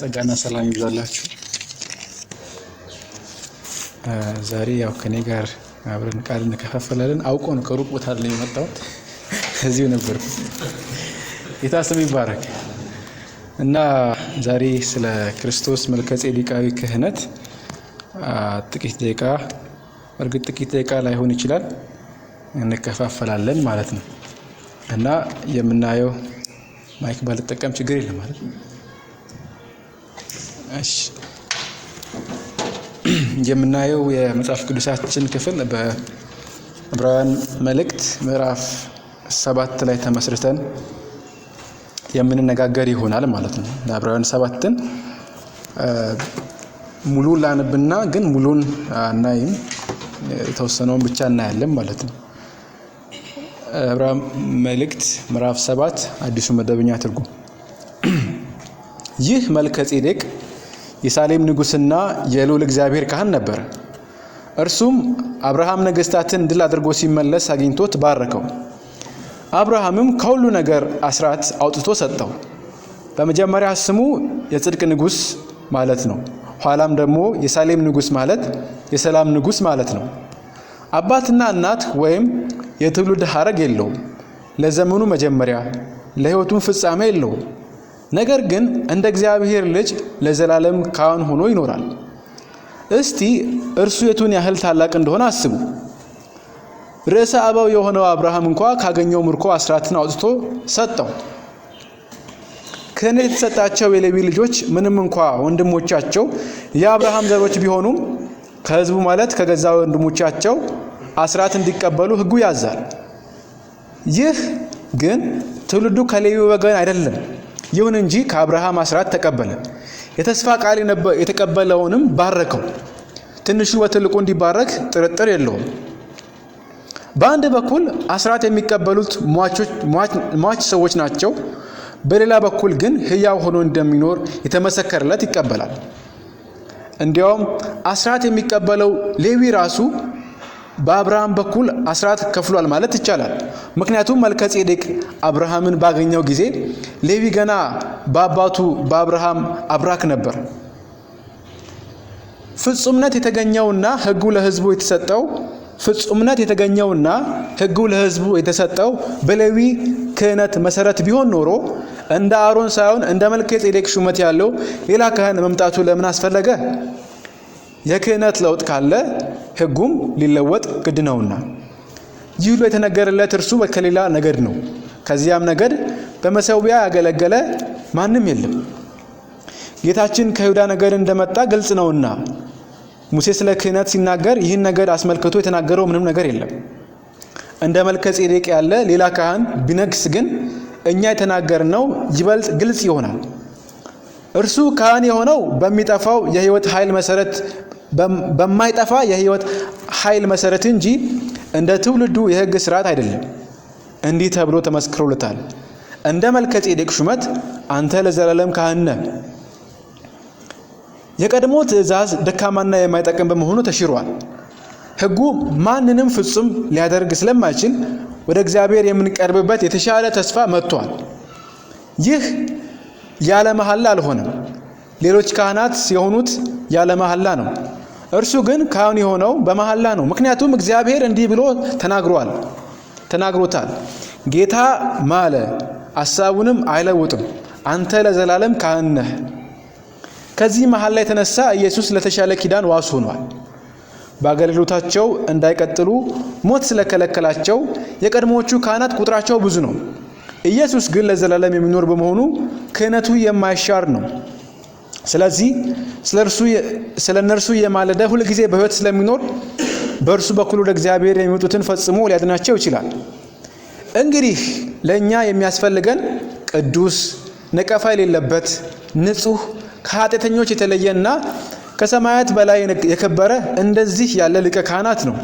ጸጋና ሰላም ይብዛላችሁ። ዛሬ ያው ከኔ ጋር አብረን ቃል እንከፋፈላለን። አውቆ ነው ከሩቅ ቦታ ላይ የመጣሁት፣ እዚሁ ነበር። ስም ይባረክ እና ዛሬ ስለ ክርስቶስ መልከ ክህነት ጥቂት ደቂቃ እርግጥ ጥቂት ደቂቃ ላይሆን ይችላል እንከፋፈላለን ማለት ነው እና የምናየው ማይክ ባልጠቀም ችግር የለም ማለት ነው የምናየው የመጽሐፍ ቅዱሳችን ክፍል በዕብራውያን መልእክት ምዕራፍ ሰባት ላይ ተመስርተን የምንነጋገር ይሆናል ማለት ነው። ለዕብራውያን ሰባትን ሙሉን ላንብና ግን ሙሉን አናይም፣ የተወሰነውን ብቻ እናያለን ማለት ነው። ዕብራ መልእክት ምዕራፍ ሰባት አዲሱ መደበኛ ትርጉም ይህ መልከ ጼዴቅ የሳሌም ንጉሥና የልዑል እግዚአብሔር ካህን ነበር። እርሱም አብርሃም ነገሥታትን ድል አድርጎ ሲመለስ አግኝቶት ባረከው። አብርሃምም ከሁሉ ነገር አስራት አውጥቶ ሰጠው። በመጀመሪያ ስሙ የጽድቅ ንጉሥ ማለት ነው። ኋላም ደግሞ የሳሌም ንጉሥ ማለት የሰላም ንጉሥ ማለት ነው። አባትና እናት ወይም የትውልድ ሐረግ የለውም። ለዘመኑ መጀመሪያ ለሕይወቱም ፍጻሜ የለውም። ነገር ግን እንደ እግዚአብሔር ልጅ ለዘላለም ካህን ሆኖ ይኖራል። እስቲ እርሱ የቱን ያህል ታላቅ እንደሆነ አስቡ። ርዕሰ አበው የሆነው አብርሃም እንኳ ካገኘው ምርኮ አስራትን አውጥቶ ሰጠው። ክህነት የተሰጣቸው የሌዊ ልጆች ምንም እንኳ ወንድሞቻቸው የአብርሃም ዘሮች ቢሆኑም ከህዝቡ ማለት ከገዛ ወንድሞቻቸው አስራት እንዲቀበሉ ህጉ ያዛል። ይህ ግን ትውልዱ ከሌዊ ወገን አይደለም። ይሁን እንጂ ከአብርሃም አስራት ተቀበለ። የተስፋ ቃል የተቀበለውንም ባረከው። ትንሹ በትልቁ እንዲባረክ ጥርጥር የለውም። በአንድ በኩል አስራት የሚቀበሉት ሟች ሰዎች ናቸው። በሌላ በኩል ግን ሕያው ሆኖ እንደሚኖር የተመሰከረለት ይቀበላል። እንዲያውም አስራት የሚቀበለው ሌዊ ራሱ በአብርሃም በኩል አስራት ከፍሏል ማለት ይቻላል። ምክንያቱም መልከ ጼዴቅ አብርሃምን ባገኘው ጊዜ ሌዊ ገና በአባቱ በአብርሃም አብራክ ነበር። ፍጹምነት የተገኘውና ሕጉ ለሕዝቡ የተሰጠው ፍጹምነት የተገኘውና ሕጉ ለሕዝቡ የተሰጠው በሌዊ ክህነት መሰረት ቢሆን ኖሮ እንደ አሮን ሳይሆን እንደ መልከጼዴቅ ሹመት ያለው ሌላ ካህን መምጣቱ ለምን አስፈለገ? የክህነት ለውጥ ካለ ህጉም ሊለወጥ ግድ ነውና ይህ ሁሉ የተነገረለት እርሱ ከሌላ ነገድ ነው። ከዚያም ነገድ በመሰዊያ ያገለገለ ማንም የለም። ጌታችን ከይሁዳ ነገድ እንደመጣ ግልጽ ነውና ሙሴ ስለ ክህነት ሲናገር ይህን ነገድ አስመልክቶ የተናገረው ምንም ነገር የለም። እንደ መልከ ጼዴቅ ያለ ሌላ ካህን ቢነግስ ግን እኛ የተናገርነው ይበልጥ ግልጽ ይሆናል። እርሱ ካህን የሆነው በሚጠፋው የህይወት ኃይል መሰረት በማይጠፋ የህይወት ኃይል መሰረት እንጂ እንደ ትውልዱ የህግ ስርዓት አይደለም። እንዲህ ተብሎ ተመስክሮለታል። እንደ መልከ ጼዴቅ ሹመት አንተ ለዘላለም ካህን ነህ። የቀድሞ ትእዛዝ ደካማና የማይጠቅም በመሆኑ ተሽሯል። ህጉ ማንንም ፍጹም ሊያደርግ ስለማይችል ወደ እግዚአብሔር የምንቀርብበት የተሻለ ተስፋ መጥቷል። ይህ ያለ መሐላ አልሆነም። ሌሎች ካህናት የሆኑት ያለ መሐላ ነው። እርሱ ግን ካህን የሆነው በመሐላ ነው። ምክንያቱም እግዚአብሔር እንዲህ ብሎ ተናግሯል ተናግሮታል። ጌታ ማለ፣ አሳቡንም አይለውጥም። አንተ ለዘላለም ካህን ነህ። ከዚህ መሐላ የተነሳ ኢየሱስ ለተሻለ ኪዳን ዋስ ሆኗል። በአገልግሎታቸው እንዳይቀጥሉ ሞት ስለከለከላቸው የቀድሞዎቹ ካህናት ቁጥራቸው ብዙ ነው። ኢየሱስ ግን ለዘላለም የሚኖር በመሆኑ ክህነቱ የማይሻር ነው። ስለዚህ ስለ እነርሱ የማለደ ሁልጊዜ በህይወት ስለሚኖር በእርሱ በኩል ወደ እግዚአብሔር የሚመጡትን ፈጽሞ ሊያድናቸው ይችላል። እንግዲህ ለእኛ የሚያስፈልገን ቅዱስ፣ ነቀፋ የሌለበት ንጹህ ከኃጢአተኞች የተለየና ከሰማያት በላይ የከበረ እንደዚህ ያለ ሊቀ ካህናት ነው።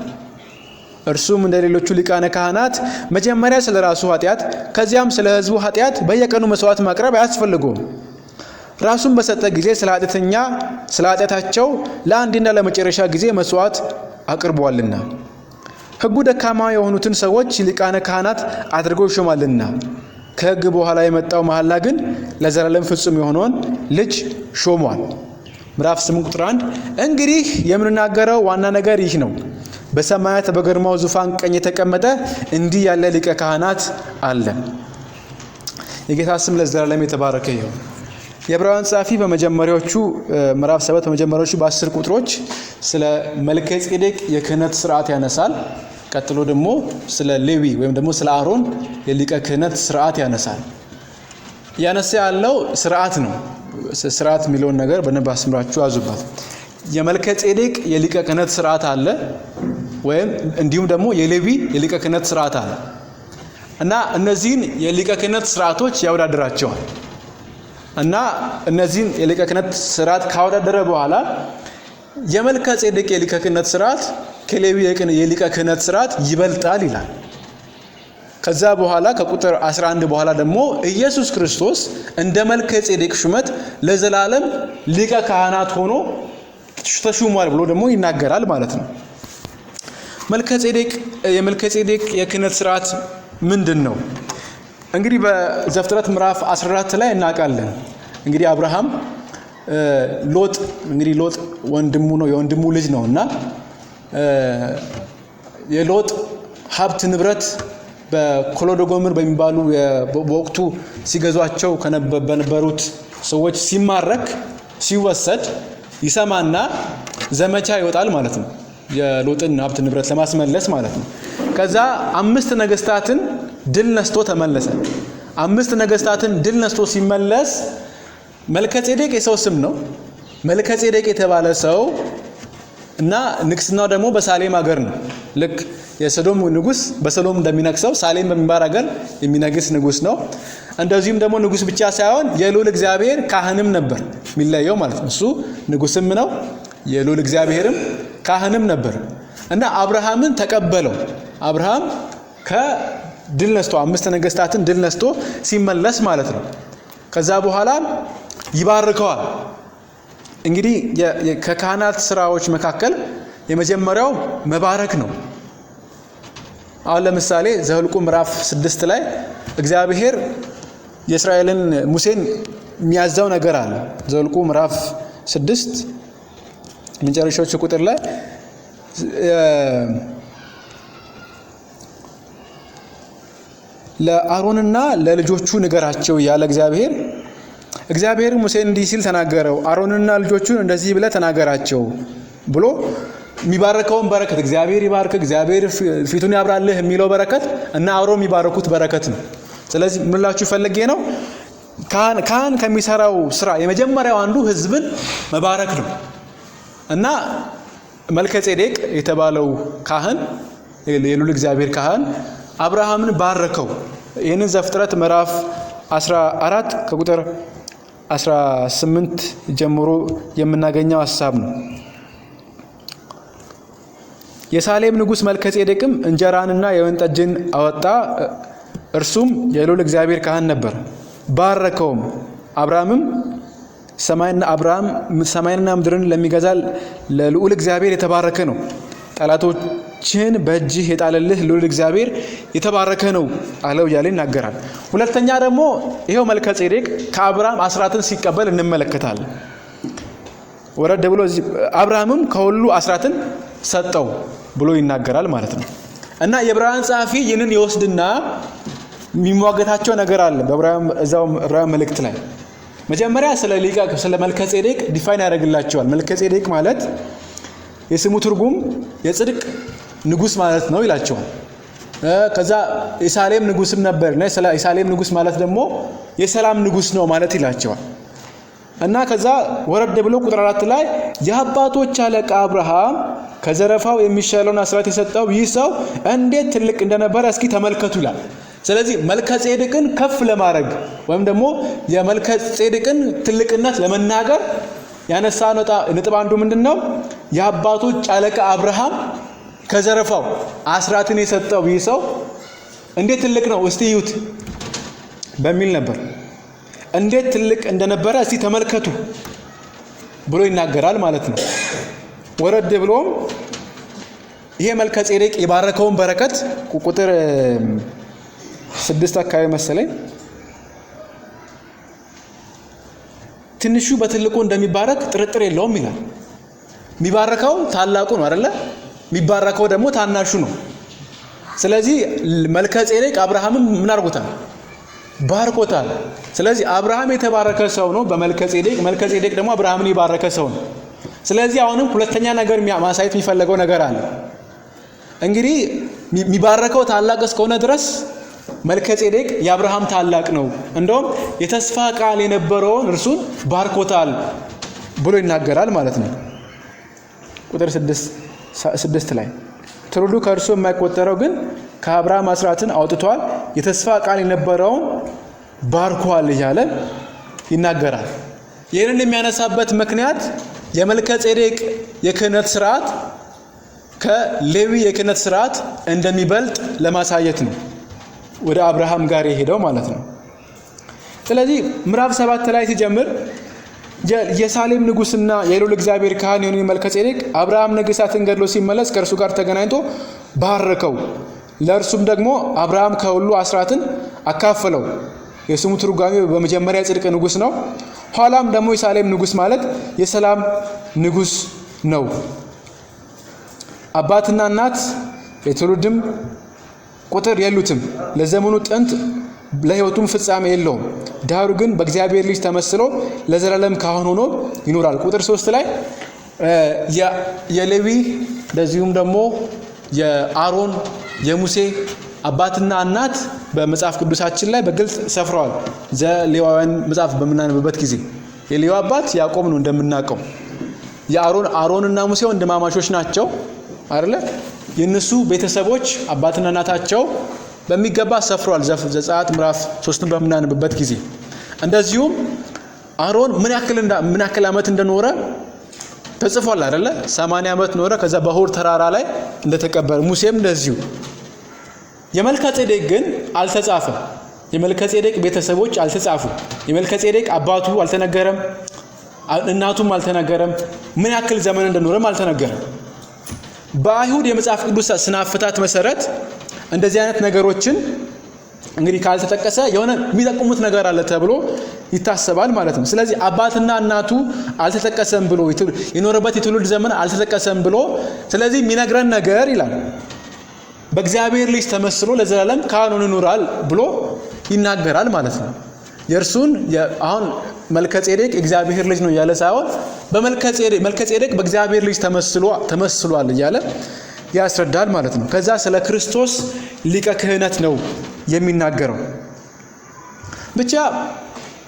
እርሱም እንደ ሌሎቹ ሊቃነ ካህናት መጀመሪያ ስለ ራሱ ኃጢአት ከዚያም ስለ ህዝቡ ኃጢአት በየቀኑ መስዋዕት ማቅረብ አያስፈልገውም። ራሱን በሰጠ ጊዜ ስለ ኃጢአተኛ ስለ ኃጢአታቸው ለአንድና ለመጨረሻ ጊዜ መስዋዕት አቅርቧልና ህጉ ደካማ የሆኑትን ሰዎች ሊቃነ ካህናት አድርገው ይሾማልና ከህግ በኋላ የመጣው መሐላ ግን ለዘላለም ፍጹም የሆነውን ልጅ ሾሟል። ምዕራፍ 8 ቁጥር 1። እንግዲህ የምንናገረው ዋና ነገር ይህ ነው። በሰማያት በግርማው ዙፋን ቀኝ የተቀመጠ እንዲህ ያለ ሊቀ ካህናት አለ። የጌታ ስም ለዘላለም የተባረከ ይሁን። የዕብራውያን ጸሐፊ በመጀመሪያዎቹ ምዕራፍ ሰባት በመጀመሪያዎቹ በአስር ቁጥሮች ስለ መልከ ጼዴቅ የክህነት ስርዓት ያነሳል። ቀጥሎ ደግሞ ስለ ሌዊ ወይም ደግሞ ስለ አሮን የሊቀ ክህነት ስርዓት ያነሳል። ያነሳ ያለው ስርዓት ነው። ስርዓት የሚለውን ነገር በደንብ አስምራችሁ ያዙባት። የመልከ ጼዴቅ የሊቀ ክህነት ስርዓት አለ ወይም እንዲሁም ደግሞ የሌዊ የሊቀ ክህነት ስርዓት አለ እና እነዚህን የሊቀ ክህነት ስርዓቶች ያወዳድራቸዋል። እና እነዚህን የሊቀ ክህነት ስርዓት ካወዳደረ በኋላ የመልከ ጼዴቅ የሊቀ ክህነት ስርዓት ከሌዊ የሊቀ ክህነት ስርዓት ይበልጣል ይላል። ከዛ በኋላ ከቁጥር 11 በኋላ ደግሞ ኢየሱስ ክርስቶስ እንደ መልከ ጼዴቅ ሹመት ለዘላለም ሊቀ ካህናት ሆኖ ተሹሟል ብሎ ደግሞ ይናገራል ማለት ነው። መልከ ጼዴቅ የመልከ ጼዴቅ የክህነት ስርዓት ምንድን ነው? እንግዲህ በዘፍጥረት ምዕራፍ 14 ላይ እናውቃለን። እንግዲህ አብርሃም ሎጥ እንግዲህ ሎጥ ወንድሙ ነው የወንድሙ ልጅ ነው እና የሎጥ ሀብት ንብረት በኮሎዶጎምር በሚባሉ በወቅቱ ሲገዟቸው በነበሩት ሰዎች ሲማረክ ሲወሰድ ይሰማና ዘመቻ ይወጣል ማለት ነው። የሎጥን ሀብት ንብረት ለማስመለስ ማለት ነው። ከዛ አምስት ነገስታትን ድል ነስቶ ተመለሰ። አምስት ነገስታትን ድል ነስቶ ሲመለስ መልከጼዴቅ የሰው ስም ነው። መልከጼዴቅ የተባለ ሰው እና ንግስናው ደግሞ በሳሌም ሀገር ነው። ልክ የሰዶም ንጉስ በሰዶም እንደሚነግሰው ሳሌም በሚባል ሀገር የሚነግስ ንጉስ ነው። እንደዚሁም ደግሞ ንጉስ ብቻ ሳይሆን የልዑል እግዚአብሔር ካህንም ነበር። የሚለየው ማለት ነው። እሱ ንጉስም ነው፣ የልዑል እግዚአብሔርም ካህንም ነበር እና አብርሃምን ተቀበለው። አብርሃም ድል ነስቶ አምስት ነገስታትን ድል ነስቶ ሲመለስ ማለት ነው። ከዛ በኋላ ይባርከዋል። እንግዲህ ከካህናት ስራዎች መካከል የመጀመሪያው መባረክ ነው። አሁን ለምሳሌ ዘህልቁ ምዕራፍ ስድስት ላይ እግዚአብሔር የእስራኤልን ሙሴን የሚያዘው ነገር አለ። ዘኍልቍ ምዕራፍ ስድስት መጨረሻዎች ቁጥር ላይ ለአሮንና ለልጆቹ ንገራቸው ያለ እግዚአብሔር እግዚአብሔር ሙሴን እንዲህ ሲል ተናገረው፣ አሮንና ልጆቹን እንደዚህ ብለህ ተናገራቸው ብሎ የሚባረከውን በረከት እግዚአብሔር ይባርክ፣ እግዚአብሔር ፊቱን ያብራልህ የሚለው በረከት እና አሮን የሚባረኩት በረከት ነው። ስለዚህ ምንላችሁ ፈልጌ ነው ካህን ከሚሰራው ስራ የመጀመሪያው አንዱ ህዝብን መባረክ ነው እና መልከ ጼዴቅ የተባለው ካህን የሉል እግዚአብሔር ካህን አብርሃምን ባረከው። ይህንን ዘፍጥረት ምዕራፍ 14 ከቁጥር 18 ጀምሮ የምናገኘው ሀሳብ ነው። የሳሌም ንጉሥ መልከጼዴቅም እንጀራንና የወይን ጠጅን አወጣ። እርሱም የልዑል እግዚአብሔር ካህን ነበር፣ ባረከውም። አብርሃምም ሰማይና አብርሃም ሰማይንና ምድርን ለሚገዛ ለልዑል እግዚአብሔር የተባረከ ነው ጠላቶች እችን በእጅህ የጣለልህ ልዑል እግዚአብሔር የተባረከ ነው አለው እያለ ይናገራል። ሁለተኛ ደግሞ ይኸው መልከ ጼዴቅ ከአብርሃም አስራትን ሲቀበል እንመለከታለን። ወረድ ብሎ አብርሃምም ከሁሉ አስራትን ሰጠው ብሎ ይናገራል ማለት ነው። እና የዕብራውያን ጸሐፊ ይህንን የወስድና የሚሟገታቸው ነገር አለ። እዛው ዕብራውያን መልእክት ላይ መጀመሪያ ስለ ሊቀ ስለ መልከ ጼዴቅ ዲፋይን ያደርግላቸዋል። መልከ ጼዴቅ ማለት የስሙ ትርጉም የጽድቅ ንጉስ ማለት ነው ይላቸዋል። ከዛ የሳሌም ንጉስም ነበር እና የሳሌም ንጉስ ማለት ደግሞ የሰላም ንጉስ ነው ማለት ይላቸዋል። እና ከዛ ወረድ ብሎ ቁጥር አራት ላይ የአባቶች አለቃ አብርሃም ከዘረፋው የሚሻለውን አስራት የሰጠው ይህ ሰው እንዴት ትልቅ እንደነበረ እስኪ ተመልከቱ ይላል። ስለዚህ መልከ ጼድቅን ከፍ ለማድረግ ወይም ደግሞ የመልከ ጼድቅን ትልቅነት ለመናገር ያነሳ ነጥብ አንዱ ምንድን ነው? የአባቶች አለቃ አብርሃም ከዘረፋው አስራትን የሰጠው ይህ ሰው እንዴት ትልቅ ነው እስቲ እዩት በሚል ነበር። እንዴት ትልቅ እንደነበረ እስቲ ተመልከቱ ብሎ ይናገራል ማለት ነው። ወረድ ብሎም ይሄ መልከ ጼዴቅ የባረከውን በረከት ቁጥር ስድስት አካባቢ መሰለኝ ትንሹ በትልቁ እንደሚባረክ ጥርጥር የለውም ይላል። የሚባረከው ታላቁ ነው አይደለ? የሚባረከው ደግሞ ታናሹ ነው። ስለዚህ መልከ ጼዴቅ አብርሃምን ምን አድርጎታል? ባርኮታል። ስለዚህ አብርሃም የተባረከ ሰው ነው በመልከ ጼዴቅ፣ መልከ ጼዴቅ ደግሞ አብርሃምን የባረከ ሰው ነው። ስለዚህ አሁንም ሁለተኛ ነገር ማሳየት የሚፈለገው ነገር አለ። እንግዲህ የሚባረከው ታላቅ እስከሆነ ድረስ መልከ ጼዴቅ የአብርሃም ታላቅ ነው። እንደውም የተስፋ ቃል የነበረውን እርሱን ባርኮታል ብሎ ይናገራል ማለት ነው። ቁጥር ስድስት ስድስት ላይ ትውልዱ ከእርሱ የማይቆጠረው ግን ከአብርሃም አስራትን አውጥቷል፣ የተስፋ ቃል የነበረውን ባርኳል እያለ ይናገራል። ይህንን የሚያነሳበት ምክንያት የመልከ ጼዴቅ የክህነት ስርዓት ከሌዊ የክህነት ስርዓት እንደሚበልጥ ለማሳየት ነው። ወደ አብርሃም ጋር የሄደው ማለት ነው። ስለዚህ ምዕራፍ ሰባት ላይ ሲጀምር የሳሌም ንጉስና የሎል እግዚአብሔር ካህን የሆነ መልከጼዴቅ አብርሃም ነገስታትን ገድሎ ሲመለስ ከእርሱ ጋር ተገናኝቶ ባረከው። ለእርሱም ደግሞ አብርሃም ከሁሉ አስራትን አካፈለው። የስሙ ትርጓሜ በመጀመሪያ ጽድቅ ንጉስ ነው። ኋላም ደግሞ የሳሌም ንጉስ ማለት የሰላም ንጉስ ነው። አባትና እናት የትውልድም ቁጥር የሉትም። ለዘመኑ ጥንት ለህይወቱም ፍጻሜ የለውም። ዳሩ ግን በእግዚአብሔር ልጅ ተመስሎ ለዘላለም ካህን ሆኖ ይኖራል። ቁጥር ሶስት ላይ የሌዊ እንደዚሁም ደግሞ የአሮን የሙሴ አባትና እናት በመጽሐፍ ቅዱሳችን ላይ በግልጽ ሰፍረዋል። ዘሌዋውያን መጽሐፍ በምናነብበት ጊዜ የሌዊ አባት ያዕቆብ ነው እንደምናውቀው። የአሮን አሮንና ሙሴ ወንድማማቾች ናቸው አይደለ? የእነሱ ቤተሰቦች አባትና እናታቸው በሚገባ ሰፍሯል። ዘጸአት ምዕራፍ ሶስትን በምናንብበት ጊዜ እንደዚሁም አሮን ምን ያክል ምን ያክል ዓመት እንደኖረ ተጽፏል አይደለ? 80 ዓመት ኖረ። ከዛ በሆር ተራራ ላይ እንደተቀበረ ሙሴም እንደዚሁ። የመልከ ጼዴቅ ግን አልተጻፈም። የመልከ ጼዴቅ ቤተሰቦች አልተጻፉም። የመልከ ጼዴቅ አባቱ አልተነገረም፣ እናቱም አልተነገረም፣ ምን ያክል ዘመን እንደኖረም አልተነገረም። በአይሁድ የመጽሐፍ ቅዱስ ስናፍታት መሰረት እንደዚህ አይነት ነገሮችን እንግዲህ ካልተጠቀሰ የሆነ የሚጠቁሙት ነገር አለ ተብሎ ይታሰባል ማለት ነው። ስለዚህ አባትና እናቱ አልተጠቀሰም ብሎ የኖረበት የትውልድ ዘመን አልተጠቀሰም ብሎ ስለዚህ የሚነግረን ነገር ይላል በእግዚአብሔር ልጅ ተመስሎ ለዘላለም ካህኑን ይኖራል ብሎ ይናገራል ማለት ነው። የእርሱን አሁን መልከጼዴቅ እግዚአብሔር ልጅ ነው እያለ ሳይሆን መልከጼዴቅ በእግዚአብሔር ልጅ ተመስሏል እያለ ያስረዳል ማለት ነው። ከዛ ስለ ክርስቶስ ሊቀ ክህነት ነው የሚናገረው። ብቻ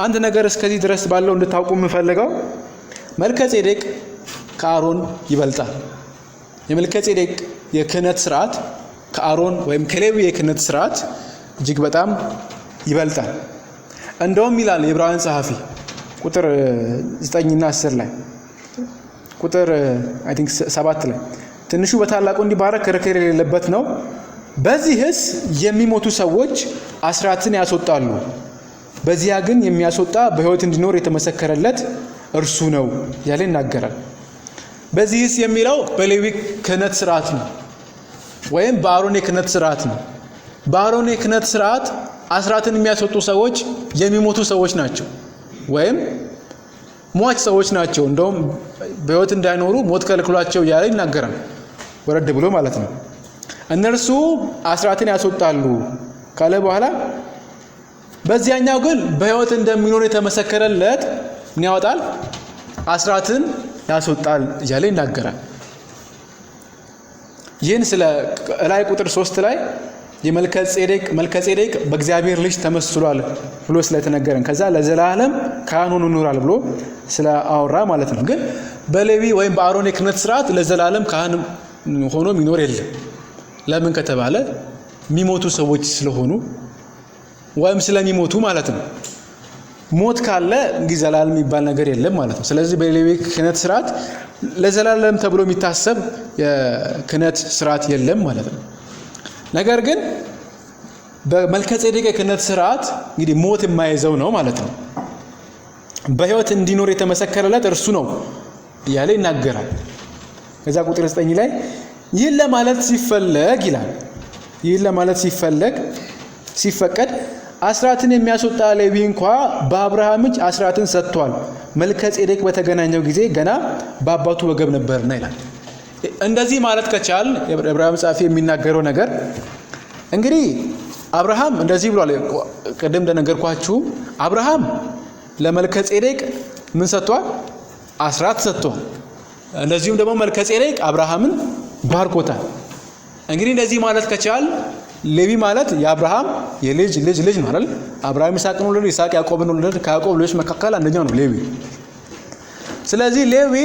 አንድ ነገር እስከዚህ ድረስ ባለው እንድታውቁ የምፈልገው መልከ ጼዴቅ ከአሮን ይበልጣል። የመልከ ጼዴቅ የክህነት ስርዓት ከአሮን ወይም ከሌዊ የክህነት ስርዓት እጅግ በጣም ይበልጣል። እንደውም ይላል የዕብራውያን ጸሐፊ ቁጥር 9 እና 10 ላይ ቁጥር አይ ቲንክ 7 ላይ ትንሹ በታላቁ እንዲባረክ ክርክር የሌለበት ነው። በዚህስ የሚሞቱ ሰዎች አስራትን ያስወጣሉ፣ በዚያ ግን የሚያስወጣ በሕይወት እንዲኖር የተመሰከረለት እርሱ ነው ያለ ይናገራል። በዚህስ የሚለው በሌዊ ክህነት ስርዓት ነው ወይም በአሮን የክህነት ስርዓት ነው። በአሮን የክህነት ስርዓት አስራትን የሚያስወጡ ሰዎች የሚሞቱ ሰዎች ናቸው ወይም ሟች ሰዎች ናቸው። እንደውም በሕይወት እንዳይኖሩ ሞት ከልክሏቸው እያለ ይናገራል። ወረድ ብሎ ማለት ነው። እነርሱ አስራትን ያስወጣሉ ካለ በኋላ በዚያኛው ግን በሕይወት እንደሚኖር የተመሰከረለት ምን ያወጣል? አስራትን ያስወጣል እያለ ይናገራል። ይህን ስለ እላይ ቁጥር ሶስት ላይ የመልከጼዴቅ መልከጼዴቅ በእግዚአብሔር ልጅ ተመስሏል ብሎ ስለተነገረን ከዛ ለዘላለም ካህን ሆኖ ይኖራል ብሎ ስለ አወራ ማለት ነው። ግን በሌዊ ወይም በአሮን የክህነት ስርዓት ለዘላለም ካህን ሆኖ ሚኖር የለም። ለምን ከተባለ የሚሞቱ ሰዎች ስለሆኑ ወይም ስለሚሞቱ ማለት ነው። ሞት ካለ እንግዲህ ዘላለም የሚባል ነገር የለም ማለት ነው። ስለዚህ በሌዊ ክህነት ስርዓት ለዘላለም ተብሎ የሚታሰብ የክህነት ስርዓት የለም ማለት ነው። ነገር ግን በመልከጼዴቅ የክህነት ስርዓት እንግዲህ ሞት የማይዘው ነው ማለት ነው። በህይወት እንዲኖር የተመሰከረለት እርሱ ነው እያለ ይናገራል። ከዛ ቁጥር 9 ላይ ይህን ለማለት ሲፈለግ ይላል ይህን ለማለት ሲፈለግ ሲፈቀድ አስራትን የሚያስወጣ ሌዊ እንኳ በአብርሃም እጅ አስራትን ሰጥቷል። መልከ ጼዴቅ በተገናኘው ጊዜ ገና በአባቱ ወገብ ነበርና ይላል። እንደዚህ ማለት ከቻል የብርሃም ጻፊ የሚናገረው ነገር እንግዲህ አብርሃም እንደዚህ ብሏል። ቅድም እንደነገርኳችሁ አብርሃም ለመልከ ጼዴቅ ምን ሰጥቷል? አስራት ሰጥቷል። እንደዚሁም ደግሞ መልከጼዴቅ አብርሃምን ባርኮታል። እንግዲህ እንደዚህ ማለት ከቻል ሌቪ ማለት የአብርሃም የልጅ ልጅ ልጅ ነው አይደል? አብርሃም ይስሐቅን ወለደ፣ ይስሐቅ ያዕቆብን ወለደ። ከያዕቆብ ልጆች መካከል አንደኛው ነው ሌዊ። ስለዚህ ሌዊ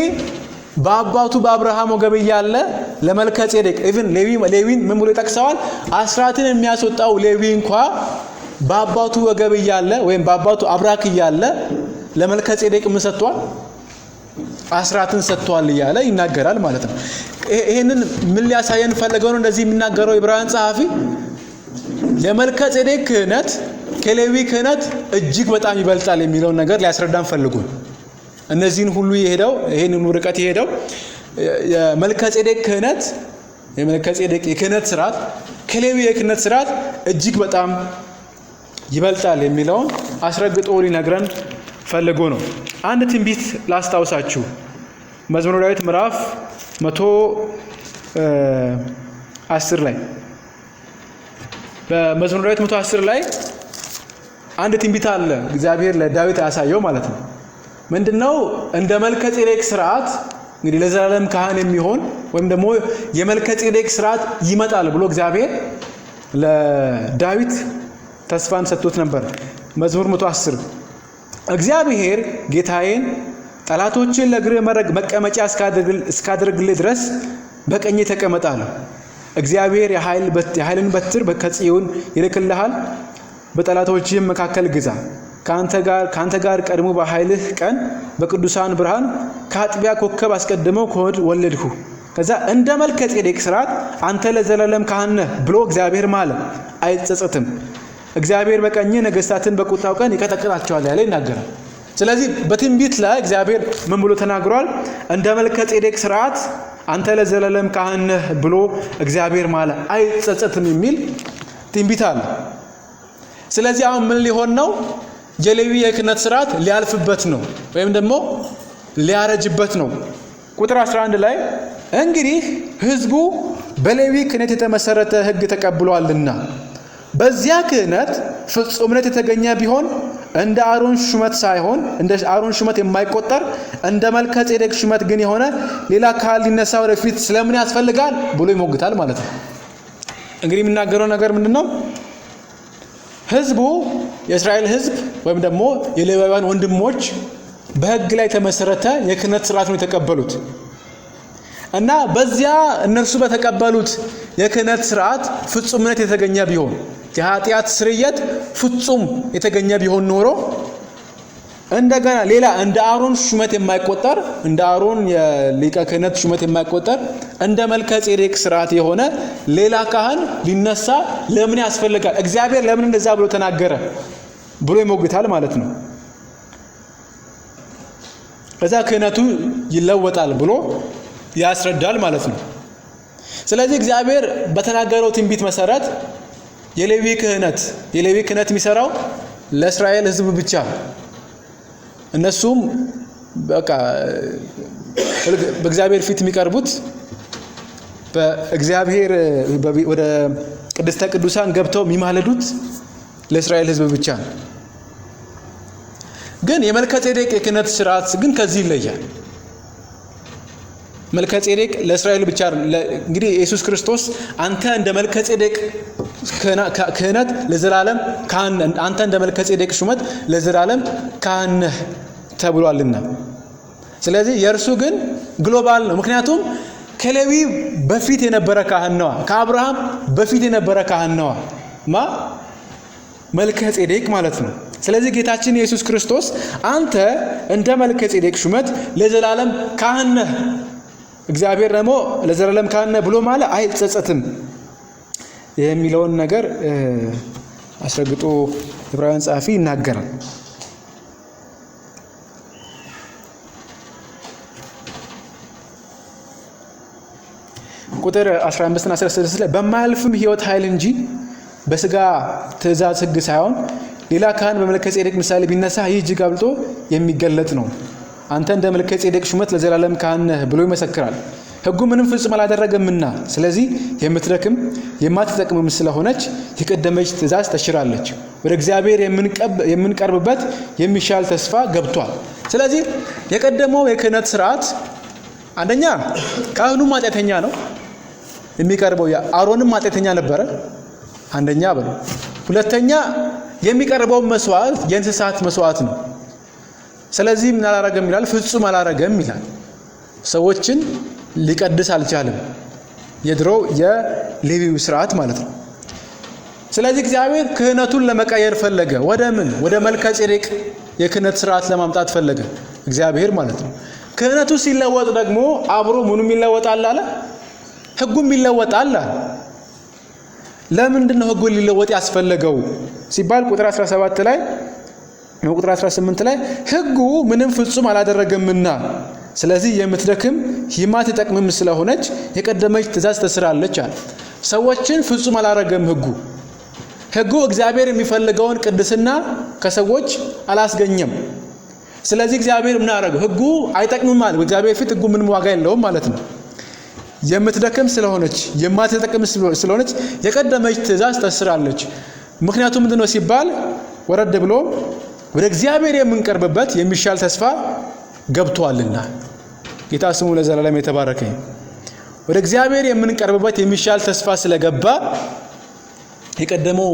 በአባቱ በአብርሃም ወገብ እያለ ለመልከጼዴቅ ኢቭን ሌዊን ምን ብሎ ይጠቅሰዋል? አስራትን የሚያስወጣው ሌዊ እንኳ በአባቱ ወገብ እያለ ወይም በአባቱ አብራክ እያለ ለመልከጼዴቅ ምን ሰጥቷል? አስራትን ሰጥቷል እያለ ይናገራል ማለት ነው። ይህንን ምን ሊያሳየን ፈለገው ነው እንደዚህ የሚናገረው ዕብራውያን ጸሐፊ? የመልከ ጼዴቅ ክህነት ከሌዊ ክህነት እጅግ በጣም ይበልጣል የሚለውን ነገር ሊያስረዳን ፈልጉ እነዚህን ሁሉ የሄደው ይህንኑ ርቀት የሄደው የመልከ ጼዴቅ ክህነት የመልከ ጼዴቅ የክህነት ስርዓት ከሌዊ የክህነት ስርዓት እጅግ በጣም ይበልጣል የሚለውን አስረግጦ ሊነግረን ፈልጎ ነው። አንድ ትንቢት ላስታውሳችሁ። መዝሙረ ዳዊት ምዕራፍ መቶ አስር ላይ በመዝሙረ ዳዊት መቶ አስር ላይ አንድ ትንቢት አለ። እግዚአብሔር ለዳዊት ያሳየው ማለት ነው። ምንድነው? እንደ መልከ ጼዴቅ ስርዓት እንግዲህ ለዘላለም ካህን የሚሆን ወይም ደግሞ የመልከ ጼዴቅ ስርዓት ይመጣል ብሎ እግዚአብሔር ለዳዊት ተስፋን ሰጥቶት ነበር። መዝሙር 110 እግዚአብሔር ጌታዬን ጠላቶችን ለእግርህ መረግ መቀመጫ እስካደርግልህ ድረስ በቀኝ ተቀመጥ እግዚአብሔር የኃይልን በትር ከጽዮን ይልክልሃል፣ በጠላቶችህም መካከል ግዛ። ከአንተ ጋር ቀድሞ በኃይልህ ቀን በቅዱሳን ብርሃን ከአጥቢያ ኮከብ አስቀድመው ከሆድ ወለድሁ። ከዛ እንደ መልከ ጼዴቅ ስርዓት አንተ ለዘላለም ካህን ነህ ብሎ እግዚአብሔር ማለ። አይጸጸትም። እግዚአብሔር በቀኝ ነገስታትን በቁጣው ቀን ይቀጠቅጣቸዋል ያለ ይናገራል። ስለዚህ በትንቢት ላይ እግዚአብሔር ምን ብሎ ተናግሯል? እንደ መልከ ጼዴቅ ስርዓት አንተ ለዘለለም ካህን ነህ ብሎ እግዚአብሔር ማለ አይጸጸትም የሚል ትንቢት አለ። ስለዚህ አሁን ምን ሊሆን ነው? የሌዊ የክህነት ስርዓት ሊያልፍበት ነው ወይም ደግሞ ሊያረጅበት ነው። ቁጥር 11 ላይ እንግዲህ ህዝቡ በሌዊ ክህነት የተመሰረተ ህግ ተቀብሏልና በዚያ ክህነት ፍጹምነት የተገኘ ቢሆን እንደ አሮን ሹመት ሳይሆን እንደ አሮን ሹመት የማይቆጠር እንደ መልከ ጼዴቅ ሹመት ግን የሆነ ሌላ ካህል ሊነሳ ወደፊት ስለምን ያስፈልጋል ብሎ ይሞግታል ማለት ነው። እንግዲህ የሚናገረው ነገር ምንድን ነው? ህዝቡ የእስራኤል ህዝብ ወይም ደግሞ የሌዋውያን ወንድሞች በህግ ላይ የተመሰረተ የክህነት ስርዓት ነው የተቀበሉት። እና በዚያ እነርሱ በተቀበሉት የክህነት ስርዓት ፍጹምነት የተገኘ ቢሆን የኃጢአት ስርየት ፍጹም የተገኘ ቢሆን ኖሮ እንደገና ሌላ እንደ አሮን ሹመት የማይቆጠር እንደ አሮን የሊቀ ክህነት ሹመት የማይቆጠር እንደ መልከ ጼዴቅ ስርዓት የሆነ ሌላ ካህን ሊነሳ ለምን ያስፈልጋል? እግዚአብሔር ለምን እንደዛ ብሎ ተናገረ ብሎ ይሞግታል ማለት ነው። እዛ ክህነቱ ይለወጣል ብሎ ያስረዳል ማለት ነው። ስለዚህ እግዚአብሔር በተናገረው ትንቢት መሰረት የሌዊ ክህነት የሌዊ ክህነት የሚሰራው ለእስራኤል ሕዝብ ብቻ እነሱም በቃ በእግዚአብሔር ፊት የሚቀርቡት በእግዚአብሔር ወደ ቅድስተ ቅዱሳን ገብተው የሚማለዱት ለእስራኤል ሕዝብ ብቻ ነው። ግን የመልከጼዴቅ የክህነት ስርዓት ግን ከዚህ ይለያል። መልከ ጼዴቅ ለእስራኤል ብቻ እንግዲህ ኢየሱስ ክርስቶስ አንተ እንደ መልከጼዴቅ ክህነት ለዘላለም አንተ እንደ መልከጼዴቅ ሹመት ለዘላለም ካህን ነህ ተብሏልና። ስለዚህ የእርሱ ግን ግሎባል ነው። ምክንያቱም ከሌዊ በፊት የነበረ ካህን ነዋ። ከአብርሃም በፊት የነበረ ካህን ነዋ። ማ መልከጼዴቅ ጼዴቅ ማለት ነው። ስለዚህ ጌታችን ኢየሱስ ክርስቶስ አንተ እንደ መልከጼዴቅ ሹመት ለዘላለም ካህን ነህ እግዚአብሔር ደግሞ ለዘላለም ካነ ብሎ ማለ አይጸጸትም የሚለውን ነገር አስረግጦ ዕብራውያን ጸሐፊ ይናገራል። ቁጥር 15 እና 16 ላይ በማያልፍም ሕይወት ኃይል እንጂ በስጋ ትእዛዝ ሕግ ሳይሆን ሌላ ካህን በመልከ ጼዴቅ ምሳሌ ቢነሳ ይህ እጅግ አብልጦ የሚገለጥ ነው። አንተ እንደ መልከ ጼዴቅ ሹመት ለዘላለም ካህን ነህ ብሎ ይመሰክራል። ሕጉ ምንም ፍጹም አላደረገምና፣ ስለዚህ የምትረክም የማትጠቅምም ስለሆነች የቀደመች ትእዛዝ ተሽራለች። ወደ እግዚአብሔር የምንቀርብበት የሚሻል ተስፋ ገብቷል። ስለዚህ የቀደመው የክህነት ስርዓት አንደኛ ካህኑም ኃጢአተኛ ነው የሚቀርበው፣ አሮንም ኃጢአተኛ ነበረ አንደኛ በለው። ሁለተኛ የሚቀርበው መስዋዕት የእንስሳት መስዋዕት ነው። ስለዚህ ምን አላረገም ይላል? ፍጹም አላረገም ይላል። ሰዎችን ሊቀድስ አልቻለም። የድሮ የሌቢው ስርዓት ማለት ነው። ስለዚህ እግዚአብሔር ክህነቱን ለመቀየር ፈለገ። ወደ ምን? ወደ መልከ ጼዴቅ የክህነት ስርዓት ለማምጣት ፈለገ እግዚአብሔር ማለት ነው። ክህነቱ ሲለወጥ ደግሞ አብሮ ምኑም ይለወጣል አለ፣ ህጉም ይለወጣል አለ። ለምንድን ነው ህጉን ሊለወጥ ያስፈለገው ሲባል ቁጥር 17 ላይ ቁጥር 18 ላይ ህጉ ምንም ፍጹም አላደረገምና ስለዚህ የምትደክም ሂማት ጠቅምም ስለሆነች የቀደመች ትእዛዝ ተስራለች አለ። ሰዎችን ፍጹም አላረገም ህጉ ህጉ እግዚአብሔር የሚፈልገውን ቅድስና ከሰዎች አላስገኘም። ስለዚህ እግዚአብሔር ምን አረገው ህጉ አይጠቅምም አለ። እግዚአብሔር ፊት ህጉ ምንም ዋጋ የለውም ማለት ነው። የምትደክም ስለሆነች የማትጠቅም ስለሆነች የቀደመች ትእዛዝ ተስራለች። ምክንያቱም ምንድነው ሲባል ወረድ ብሎ ወደ እግዚአብሔር የምንቀርብበት የሚሻል ተስፋ ገብቷልና ጌታ ስሙ ለዘላለም የተባረከ። ወደ እግዚአብሔር የምንቀርብበት የሚሻል ተስፋ ስለገባ የቀደመው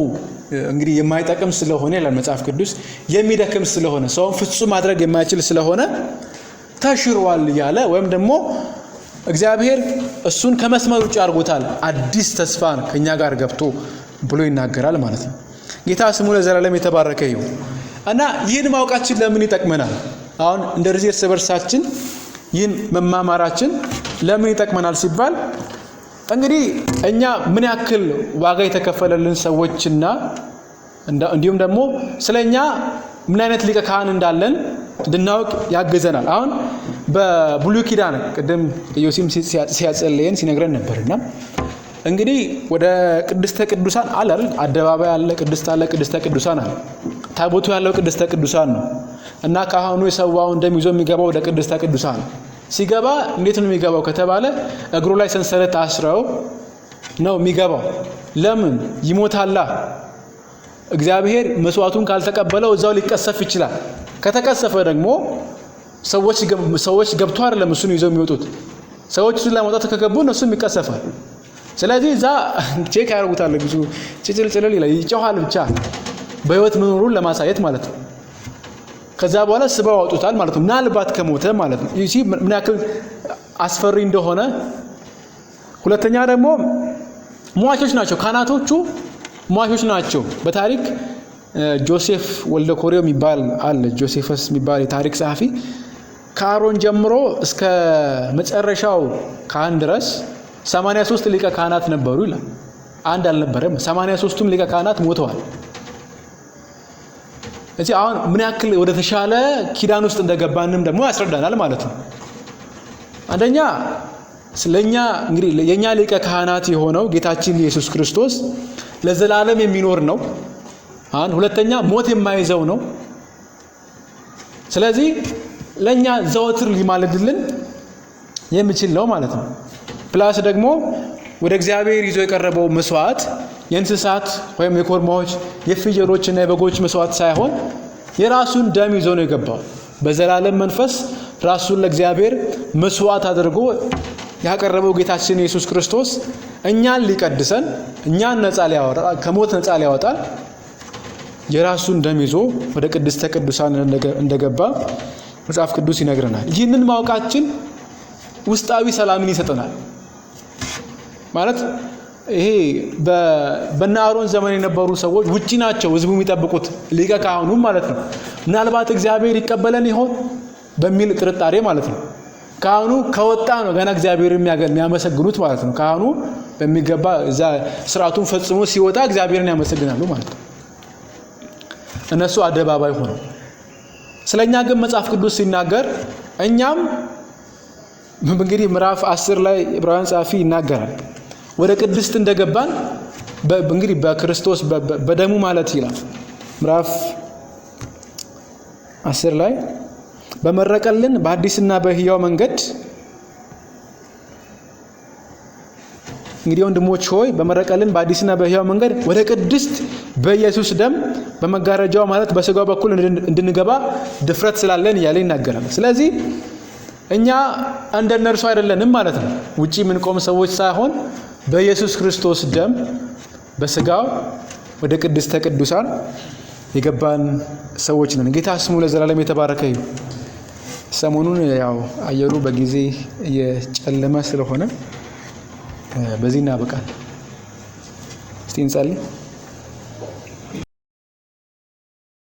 እንግዲህ የማይጠቅም ስለሆነ ይላል መጽሐፍ ቅዱስ የሚደክም ስለሆነ ሰውን ፍጹም ማድረግ የማይችል ስለሆነ ተሽሯል እያለ ወይም ደግሞ እግዚአብሔር እሱን ከመስመር ውጭ አድርጎታል። አዲስ ተስፋን ከእኛ ጋር ገብቶ ብሎ ይናገራል ማለት ነው። ጌታ ስሙ ለዘላለም የተባረከ ይሁን። እና ይህን ማወቃችን ለምን ይጠቅመናል? አሁን እንደዚህ እርስ በርሳችን ይህን መማማራችን ለምን ይጠቅመናል ሲባል እንግዲህ እኛ ምን ያክል ዋጋ የተከፈለልን ሰዎችና እንዲሁም ደግሞ ስለ እኛ ምን አይነት ሊቀ ካህን እንዳለን እንድናውቅ ያግዘናል። አሁን በብሉይ ኪዳን ቅድም ዮሲም ሲያጸልየን ሲነግረን ነበርና እንግዲህ ወደ ቅድስተ ቅዱሳን አለል አደባባይ አለ፣ ቅድስት አለ፣ ቅድስተ ቅዱሳን አለ። ታቦቱ ያለው ቅድስተ ቅዱሳን ነው እና ካህኑ የሰዋውን ደም ይዞ የሚገባው ወደ ቅድስተ ቅዱሳን ሲገባ እንዴት ነው የሚገባው ከተባለ እግሩ ላይ ሰንሰለት አስረው ነው የሚገባው። ለምን ይሞታላ። እግዚአብሔር መስዋዕቱን ካልተቀበለው እዛው ሊቀሰፍ ይችላል። ከተቀሰፈ ደግሞ ሰዎች ገብቶ አይደለም እሱን ይዘው የሚወጡት። ሰዎች እሱን ለማውጣት ከገቡ እነሱም ይቀሰፋል። ስለዚህ እዛ ቼክ ያደርጉታል። ብዙ ጭጭልጭልል ይላል ይጨኋል፣ ብቻ በህይወት መኖሩን ለማሳየት ማለት ነው። ከዛ በኋላ ስበው አውጡታል ማለት ነው። ምናልባት ከሞተ ማለት ነው። ይህ ምን ያክል አስፈሪ እንደሆነ። ሁለተኛ ደግሞ ሟቾች ናቸው፣ ካህናቶቹ ሟቾች ናቸው። በታሪክ ጆሴፍ ወልደ ኮሬው የሚባል አለ፣ ጆሴፈስ የሚባል የታሪክ ጸሐፊ ከአሮን ጀምሮ እስከ መጨረሻው ካህን ድረስ 83 ሊቀ ካህናት ነበሩ ይላል። አንድ አልነበረም። 83ቱም ሊቀ ካህናት ሞተዋል። እዚህ አሁን ምን ያክል ወደ ተሻለ ኪዳን ውስጥ እንደገባንም ደግሞ ያስረዳናል ማለት ነው። አንደኛ ስለኛ እንግዲህ የእኛ ሊቀ ካህናት የሆነው ጌታችን ኢየሱስ ክርስቶስ ለዘላለም የሚኖር ነው። አንድ ሁለተኛ ሞት የማይዘው ነው። ስለዚህ ለእኛ ዘወትር ሊማልድልን የሚችል ነው ማለት ነው። ፕላስ ደግሞ ወደ እግዚአብሔር ይዞ የቀረበው መስዋዕት የእንስሳት ወይም የኮርማዎች የፍየሎችና የበጎች መስዋዕት ሳይሆን የራሱን ደም ይዞ ነው የገባው። በዘላለም መንፈስ ራሱን ለእግዚአብሔር መስዋዕት አድርጎ ያቀረበው ጌታችን ኢየሱስ ክርስቶስ እኛን ሊቀድሰን እኛን ነፃ ሊያወጣ ከሞት ነጻ ሊያወጣን የራሱን ደም ይዞ ወደ ቅድስተ ቅዱሳን እንደገባ መጽሐፍ ቅዱስ ይነግረናል። ይህንን ማወቃችን ውስጣዊ ሰላምን ይሰጠናል። ማለት ይሄ በነ አሮን ዘመን የነበሩ ሰዎች ውጪ ናቸው ህዝቡ የሚጠብቁት ሊቀ ካህኑ ማለት ነው። ምናልባት እግዚአብሔር ይቀበለን ይሆን በሚል ጥርጣሬ ማለት ነው። ካህኑ ከወጣ ነው ገና እግዚአብሔር የሚያመሰግኑት ማለት ነው። ካህኑ በሚገባ እዛ ስርዓቱን ፈጽሞ ሲወጣ እግዚአብሔርን ያመሰግናሉ ማለት ነው። እነሱ አደባባይ ሆነው ስለኛ ግን መጽሐፍ ቅዱስ ሲናገር እኛም እንግዲህ ምዕራፍ አስር ላይ ዕብራውያን ጸሐፊ ይናገራል ወደ ቅድስት እንደገባን እንግዲህ በክርስቶስ በደሙ ማለት ይላል ምዕራፍ አስር ላይ በመረቀልን በአዲስና በህያው መንገድ እንግዲህ ወንድሞች ሆይ በመረቀልን በአዲስና በህያው መንገድ ወደ ቅድስት በኢየሱስ ደም በመጋረጃው ማለት በስጋው በኩል እንድንገባ ድፍረት ስላለን እያለ ይናገራል። ስለዚህ እኛ እንደ እነርሱ አይደለንም ማለት ነው። ውጭ የምንቆም ሰዎች ሳይሆን በኢየሱስ ክርስቶስ ደም በስጋው ወደ ቅድስተ ቅዱሳን የገባን ሰዎች ነን። ጌታ ስሙ ለዘላለም የተባረከ ይሁን። ሰሞኑን ያው አየሩ በጊዜ እየጨለመ ስለሆነ በዚህ እናበቃል። እስቲ እንጸልይ።